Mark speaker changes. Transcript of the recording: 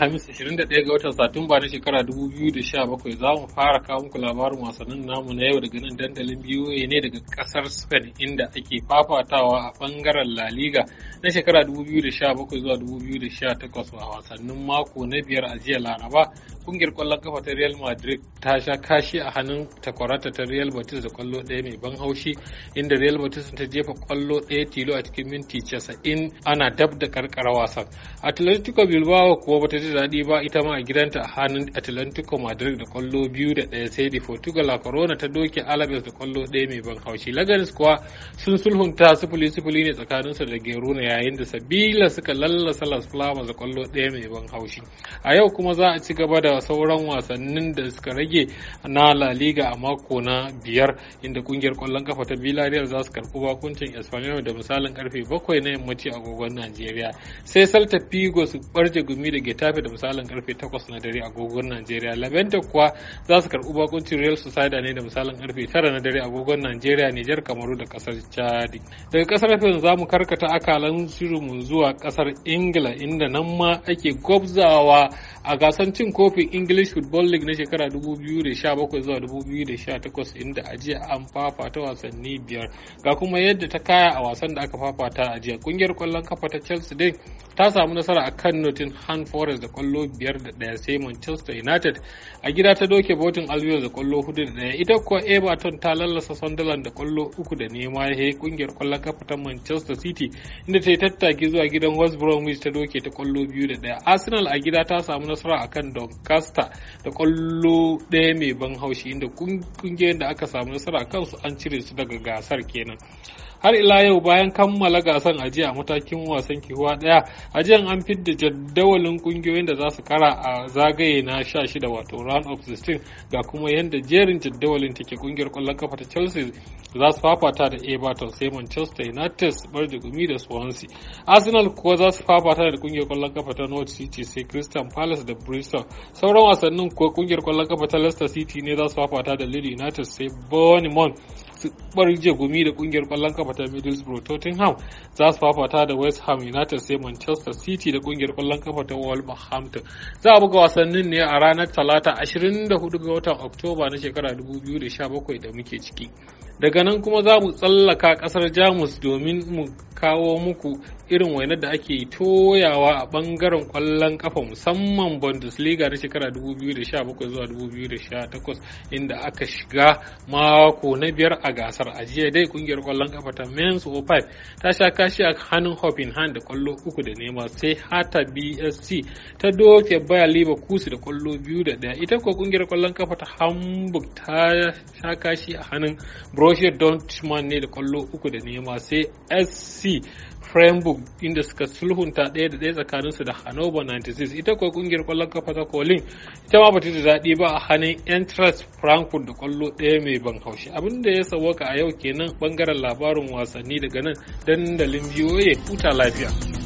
Speaker 1: Alhamis 21 ga watan Satumba na shekara 2017 za mu fara kawo muku labarin wasannin namu na yau daga nan dandalin biyu ne daga kasar Spain inda ake fafatawa a bangaren La Liga na shekara 2017 zuwa 2018 a wasannin mako na biyar a jiya laraba kungiyar kwallon kafa ta real madrid ta sha kashi a hannun takwarata ta real batista da kwallo daya mai ban haushi inda real batista ta jefa kwallo daya tilo a cikin minti 90 ana dab da karkara wasan atlantico bilbao kuwa bata ji daɗi ba ita ma a gidanta a hannun atlantico madrid da kwallo biyu da ɗaya sai da portugal a corona ta doke alabes da kwallo daya mai ban haushi lagares kuwa sun sulhunta sifili sufuli ne tsakaninsa da gerona yayin da sabila suka lallasa las palmas da kwallo ɗaya mai ban haushi a yau kuma za a ci gaba da sauran wasannin da suka rage na la liga a mako na biyar inda kungiyar kwallon kafa ta villarreal za su karɓi bakuncin espanyol da misalin karfe bakwai na yammaci agogon najeriya sai salta figo su barje gumi da getafe da misalin karfe takwas na dare agogon najeriya labenta kuwa za su karɓi bakuncin real sociedad ne da misalin karfe tara na dare agogon najeriya nijar kamaru da kasar chadi daga kasar fin za mu karkata akalan shirinmu zuwa kasar ingila inda nan ma ake gwabzawa a gasar cin kofin english football league na shekara 2017 zuwa 2018 inda a jiya an fafata wasanni biyar ga kuma yadda ta kaya a wasan da aka fafata a jiya kungiyar kwallon kafa ta chelsea dai ta samu nasara a kan nottingham forest da kwallo biyar da daya sai manchester united a gida ta doke botin albion da kwallo hudu da daya ita kuwa everton ta lallasa sunderland da kwallo uku da nema ya kungiyar kwallon kafa ta manchester city inda ta sai tattaki zuwa gidan West Bromwich ta doke ta kwallo biyu da daya. Arsenal a gida ta samu nasara akan Doncaster da kwallo daya mai ban haushi inda kungiyoyin da aka samu nasara akan su an cire su daga gasar kenan. har ila yau bayan kammala gasar ajiya a matakin wasan kihuwa daya ajiyan an fidda jadawalin kungiyoyin da za su kara a zagaye na 16 wato round of 16 ga kuma yadda jerin jadawalin take kungiyar kwallon kafa ta chelsea za su fafata da everton sai manchester united bar da gumi da swansea City. Arsenal kuwa za su fafata da kungiyar kwallon kafa ta North City sai Crystal Palace da Bristol. Sauran wasannin kuwa kungiyar kwallon kafa ta Leicester City ne za su fafata da Leeds United sai Bournemouth. je gumi da kungiyar kwallon kafa ta Middlesbrough Tottenham za su fafata da West Ham United sai Manchester City da kungiyar kwallon kafa ta Wolverhampton. Za a buga wasannin ne a ranar Talata 24 ga watan Oktoba na shekara 2017 da muke ciki. daga nan kuma za mu tsallaka kasar jamus domin mu kawo muku irin wainar da ake toyawa a bangaren kwallon kafa musamman bundesliga na shekara 2017 zuwa 2018 inda aka shiga mako na biyar a gasar ajiya dai kungiyar kwallon kafa ta mens 05 ta sha kashi a hannun hand da kwallo uku da nema sai hata bsc ta doke baya leverkusen da kwallo biyu da daya ita kuwa kungiyar kwallon kafa ta hamburg ta sha kashi a hannun Bro. Borussia Dortmund ne da kwallo uku da nema sai SC Freiburg inda suka sulhunta ɗaya da ɗaya tsakanin su da Hannover 96 ita kuwa kungiyar kwallon kafa ta Kolin ita ma bata da daɗi ba a hannun Eintracht Frankfurt da kwallo ɗaya mai ban haushi abin da ya sawaka a yau kenan bangaren labarin wasanni daga nan dandalin biyoye huta lafiya.